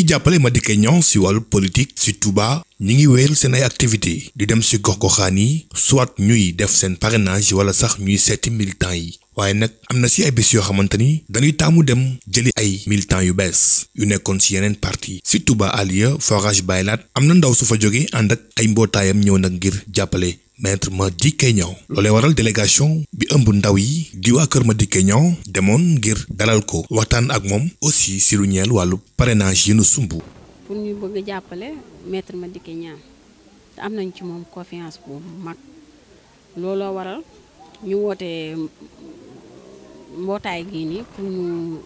ñiy jàppale Madické Niang si wàllu politique si Touba ñi ngi wéyal seen ay di dem si gox-goxaan yi soit ñuy def seen parrainage wala sax ñuy seeti militants yi waaye nag am na si ay yoo xamante ni dañuy taamu dem jëli ay militants yu bees yu nekkoon si yeneen parti si Touba Aliya forage baylaat am na ndaw su fa jóge ànd ak ay mbootaayam ñëw nag ngir jàppale maître Madické Niang loolee waral délégation bi ëmb ndaw yi di waa kër ma Madické Niang demoon ngir dalal ko waxtaan ak moom aussi si lu ñeel wàllu parrainage yi nu sumb. pour ñu bëgg jàppale maître Madické Niang te am nañ ci moom confiance bu mag looloo waral ñu woote mbootaay gii nii pour ñu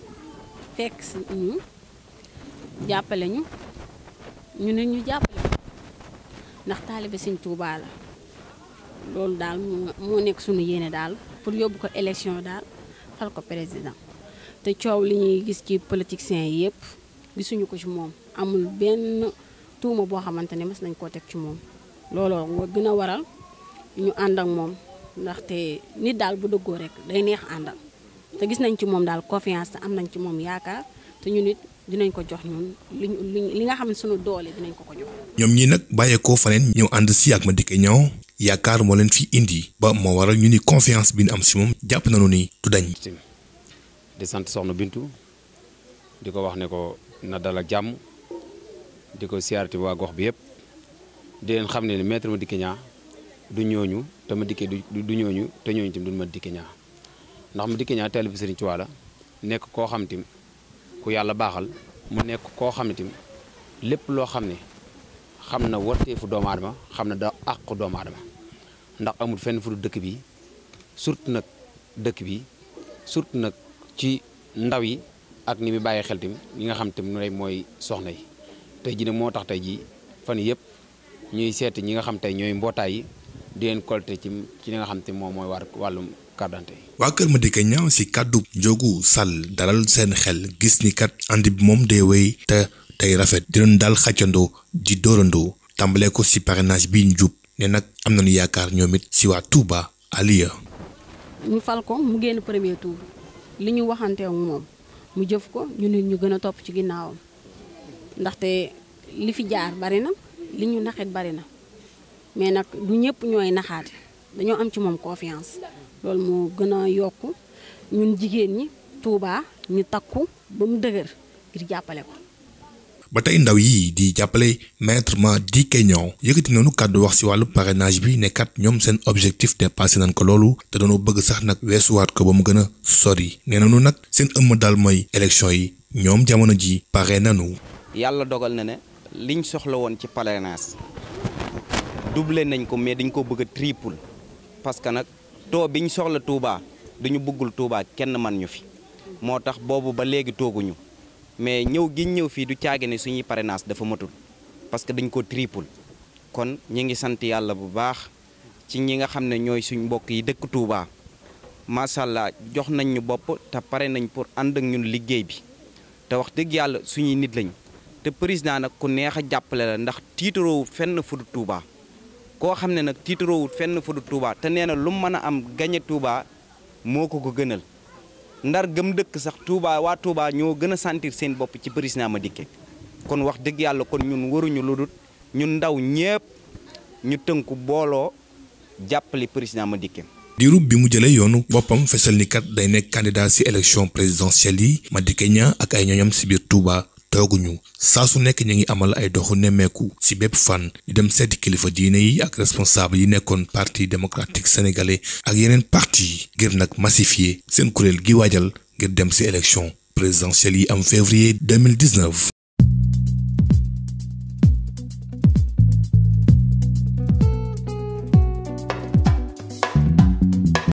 fekk ñu jàppale ñu ñu ne ñu jàppale ndax taalibe Sëñ Tuubaa la. loolu daal moo nekk suñu yéene daal pour yóbbu ko élection daal fal ko président te coow li ñuy gis ci politiciens yi yëpp gisuñu ko ci moom amul benn tuuma boo xamante ne mas nañ koo teg ci moom looloo nga gën a waral ñu ànd ak moom ndaxte nit daal bu dëggoo rek day neex àndal te gis nañ ci moom daal confiance te am nañ ci moom yaakaar te ñu nit dinañ ko jox ñun li li nga xam ne sunu doole dinañ ko ko jox. ñoom ñii nag bàyyeekoo faneen ñëw ànd si ak Madické Niang yaakaar moo leen fi indi ba moo waral ñu ni confiance bi ñu am si moom jàpp nañu ni du dañ. di sant soxna Bintu di ko wax ne ko na dal ak jàmm di ko siyaarati waa gox bi yëpp di leen xam ne maître Madické Niang du ñooñu te Madické du ñooñu te ñooñu tamit du Madické Niang ndax Madické Niang teel bi Serigne Touba la nekk koo xam tim ku yàlla baaxal mu nekk koo xam tim lépp loo xam ne. xam na warteefu doomu aadama xam na da àqu doomu aadama ndax amul fenn fu du dëkk bi surtout nag dëkk bi surtout nag ci ndaw yi ak ni mu bàyyi xel tamit ñi nga xam tamit nu lay mooy soxna yi tey ji ne moo tax tey ji fan yëpp ñuy seeti ñi xam tey ñooy mbootaay yi di leen collecté ci ci li nga xam te moom mooy war wàllum kàddante waa Kër Madické si kàddu Ndiogou Sall dalal seen xel gis ni kat andi bi moom day wéy te tey rafet di daal xàccandoo di dóorandoo tàmbalee ko si parrainage bi ñu jub ne nag am nañu yaakaar ñoom it si waa Touba Aliya. ñu fal ko mu génn premier tour li ñu waxanteewu moom mu jëf ko ñu nit ñu gën a topp ci ginnaawam ndaxte li fi jaar bari na li ñu naxit bari na mais nag du ñëpp ñooy naxaate dañoo am ci moom confiance loolu mu gën a yokk ñun jigéen ñi Touba ñu takku ba mu dëgër ngir jàppale ko. ba tey ndaw yii di jàppale maître Madické Niang yëkkati nañu kàddu wax ci wàllu parrainage bi nekkat ñoom seen objectif dépassé nañ ko loolu te dañoo bëgg sax nag weesuwaat ko ba mu gën a sori nee nañu nag seen ëmm daal mooy élection yi ñoom jamono ji pare nañu. yàlla dogal na ne liñ soxla woon ci parrainage doublé nañ ko mais dañ ko bëgg a triple parce que nag taux biñ soxla Touba duñu bëggul Touba kenn man ñu fi moo tax boobu ba léegi tooguñu. mais ñëw gi ñëw fii du caage ne suñuy parrainage dafa matul parce que dañ ko triple kon ñu ngi sant yàlla bu baax ci ñi nga xam ne ñooy suñu mbokk yi dëkk Touba macha allah jox nañ ñu bopp te pare nañ pour ànd ak ñun liggéey bi te wax dëgg yàlla suñuy nit lañ te président nag ku neex a jàppale la ndax tiitaroowut fenn fudu Touba koo xam ne nag tiitaroowut fenn fudu Touba te nee na lu mën a am gañe Touba moo ko ko gënal ndar gëm dëkk sax tuubaa waa Touba ñoo gën a sentir seen bopp ci président Madické kon wax dëgg yàlla kon ñun waruñu lu dul ñun ndaw ñépp ñu tënku booloo jàppale président Madické diirub bi mu jëlee yoonu boppam fesal ni kat day nekk candidat ci élection présidentielle yi Madické Niang ak ay ñoñam ci biir Touba tooguñu saa su nekk ñu ngi amal ay doxu nemmeeku ci bépp fan di dem seeti kilifa diine yi ak responsable yi nekkoon parti démocratique sénégalais ak yeneen parti yi ngir nag massifier seen kuréel gi waajal ngir dem ci élection présidentielle yi am février 2019